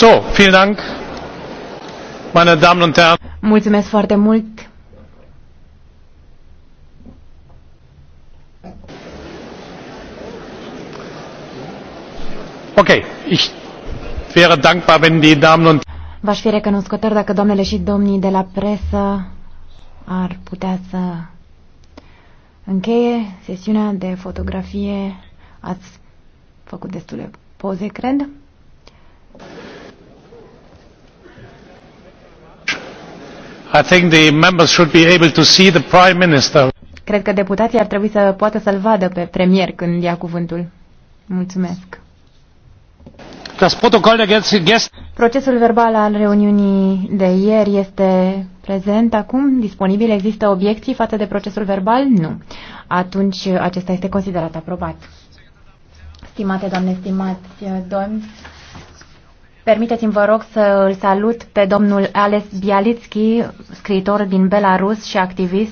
So, vielen Dank, meine Damen und Herren. Mulțumesc foarte mult. Ok, ich wäre dankbar, wenn die Damen und V-aș fi recunoscător dacă doamnele și domnii de la presă ar putea să încheie sesiunea de fotografie. Ați făcut destule poze, cred. Cred că deputații ar trebui să poată să-l vadă pe premier când ia cuvântul. Mulțumesc. Procesul verbal al reuniunii de ieri este prezent acum, disponibil. Există obiecții față de procesul verbal? Nu. Atunci acesta este considerat aprobat. Stimate doamne, stimați domni, Permiteți-mi, vă rog, să îl salut pe domnul Ales Bialitski, scriitor din Belarus și activist.